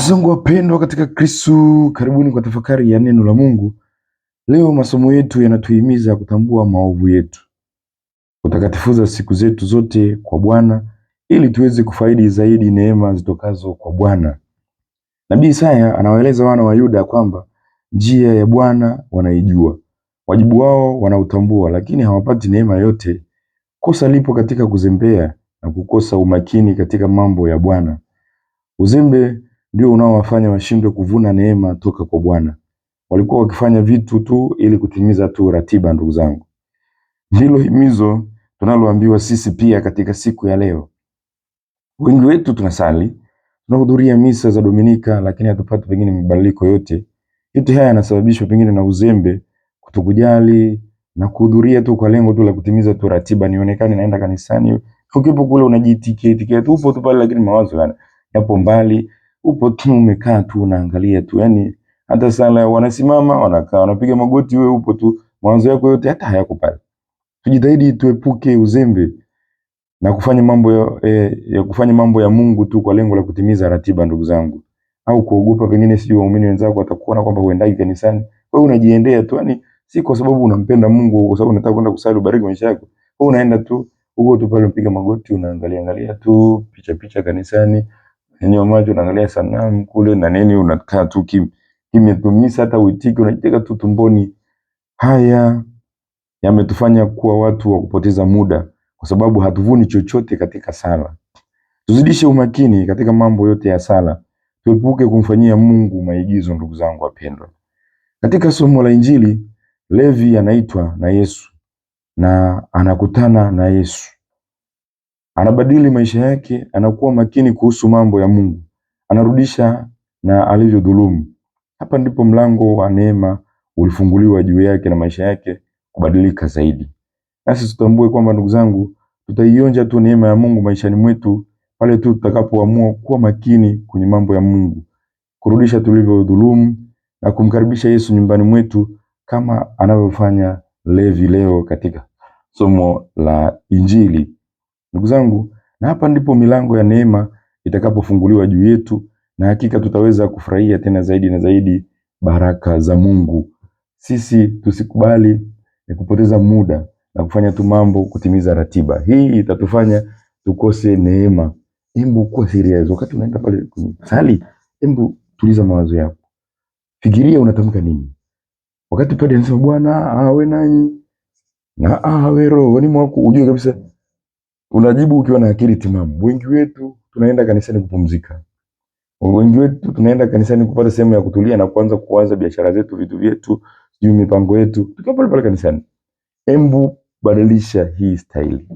zangu wapendwa katika Kristu, karibuni kwa tafakari ya neno la Mungu. Leo masomo yetu yanatuhimiza kutambua maovu yetu, kutakatifuza siku zetu zote kwa Bwana ili tuweze kufaidi zaidi neema zitokazo kwa Bwana. Nabii Isaya anawaeleza wana wa Yuda kwamba njia ya Bwana wanaijua, wajibu wao wanautambua, lakini hawapati neema yote. Kosa lipo katika kuzembea na kukosa umakini katika mambo ya Bwana. Uzembe ndio unaowafanya washindwe kuvuna neema toka kwa Bwana. Walikuwa wakifanya vitu tu ili kutimiza tu ratiba. Ndugu zangu, hilo himizo tunaloambiwa sisi pia katika siku ya leo. Wengi wetu tunasali, tunahudhuria misa za Dominika, lakini hatupati pengine mabadiliko yote. Yote haya yanasababishwa pengine na uzembe, kutokujali na kuhudhuria tu kwa lengo tu la kutimiza tu ratiba, nionekane naenda kanisani. Ukipo kule unajiitikia tu, upo tu pale, lakini mawazo yana yapo mbali upo tu umekaa tu unaangalia tu, yani hata sala wanasimama wanakaa wanapiga magoti, wewe upo tu, mawazo yako yote hata hayako pale. Tujitahidi tuepuke uzembe na kufanya mambo ya, eh, ya kufanya mambo ya Mungu tu kwa lengo la kutimiza ratiba, ndugu zangu, au kuogopa pengine, sijui waumini wenzako watakuona kwamba huendagi kanisani, wewe unajiendea tu, yani si kwa sababu unampenda Mungu, kwa sababu unataka kwenda kusali ubariki maisha yako, wewe unaenda tu huko tu pale, unapiga magoti, unaangalia angalia tu picha picha kanisani Yaani mamacho unaangalia sanamu kule na nini unakaa tu kim kimetumisa hata uitike unajiteka tu tumboni. Haya yametufanya kuwa watu wa kupoteza muda kwa sababu hatuvuni chochote katika sala. Tuzidishe umakini katika mambo yote ya sala. Tuepuke kumfanyia Mungu maigizo, ndugu zangu wapendwa. Katika somo la Injili, Levi anaitwa na Yesu na anakutana na Yesu. Anabadili maisha yake, anakuwa makini kuhusu mambo ya Mungu, anarudisha na alivyodhulumu. Hapa ndipo mlango wa neema ulifunguliwa juu yake na maisha yake kubadilika zaidi. Nasi tutambue kwamba, ndugu zangu, tutaionja tu neema ya Mungu maishani mwetu pale tu tutakapoamua kuwa makini kwenye mambo ya Mungu, kurudisha tulivyodhulumu na kumkaribisha Yesu nyumbani mwetu kama anavyofanya Levi leo katika somo la Injili. Ndugu zangu, na hapa ndipo milango ya neema itakapofunguliwa juu yetu, na hakika tutaweza kufurahia tena zaidi na zaidi baraka za Mungu. Sisi tusikubali ya eh, kupoteza muda na kufanya tu mambo kutimiza ratiba. Hii itatufanya tukose neema. Hebu kuwa serious wakati unaenda pale kusali, hebu tuliza mawazo yako, fikiria unatamka nini wakati pale anasema Bwana awe nanyi na awe roho ni mwako, ujue kabisa unajibu ukiwa na akili timamu. Wengi wetu tunaenda kanisani kupumzika, wengi wetu tunaenda kanisani kupata sehemu ya kutulia na kuanza kuwaza biashara zetu, vitu vyetu, sijui mipango yetu, tukiwa pale pale kanisani. Embu badilisha hii staili,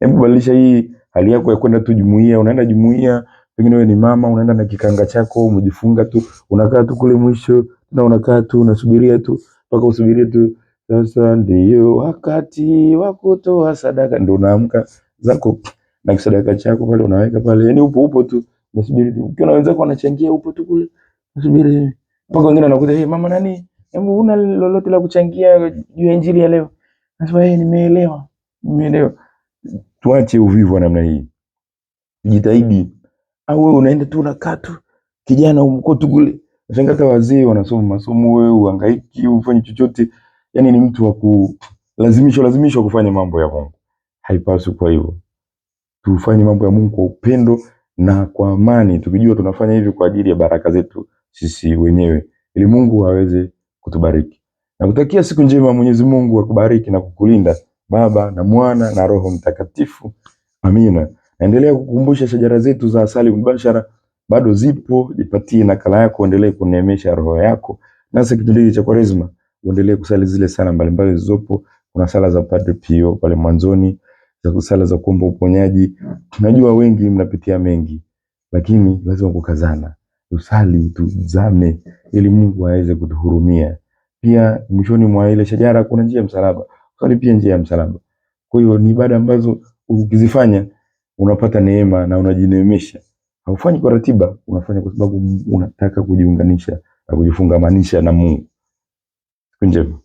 embu badilisha hii hali yako ya kwenda tu jumuiya. Unaenda jumuiya, pengine wewe ni mama, unaenda na kikanga chako, umejifunga tu, unakaa tu kule mwisho na unakaa tu unasubiria tu mpaka usubirie tu sasa, ndio wakati wa kutoa sadaka, ndio unaamka zako na kisadaka chako pale unaweka pale, yani upo upo tu unasubiri tu. Ukiona wenzako wanachangia, upo tu kule unasubiri mpaka wengine wanakuja, hey, eh, mama nani, hebu una lolote la kuchangia juu ya injili ya leo? Nasema hey, eh, nimeelewa nimeelewa. Tuache uvivu wa namna hii, jitahidi. Au wewe unaenda tu unakaa tu kijana umko tu kule, shangaka wazee wanasoma masomo, wewe uhangaiki ufanye chochote, yani ni mtu wa kulazimishwa lazimishwa kufanya mambo ya Mungu haipaswi kwa hivyo. Tufanye mambo ya Mungu kwa upendo na kwa amani, tukijua tunafanya hivi kwa ajili ya baraka zetu sisi wenyewe, ili Mungu aweze kutubariki. Nakutakia siku njema. Mwenyezi Mungu akubariki na kukulinda, Baba na Mwana na Roho Mtakatifu. Amina. Naendelea kukumbusha shajara zetu za Asali Mubashara bado zipo, jipatie nakala yako, endelee kuneemesha roho yako. Nasa kipindi hiki cha Kwaresma uendelee kusali zile sala mbalimbali zilizopo. Kuna sala za Padre Pio pale mwanzoni za sala za kuomba uponyaji. Tunajua wengi mnapitia mengi, lakini lazima kukazana, tusali, tuzame ili Mungu aweze kutuhurumia. Pia mwishoni mwa ile shajara kuna njia ya msalaba, kusali pia njia ya msalaba. Kwa hiyo ni ibada ambazo ukizifanya unapata neema na unajineemesha. Haufanyi kwa ratiba, unafanya kwa sababu unataka kujiunganisha na kujifungamanisha na Mungu. Siku njema.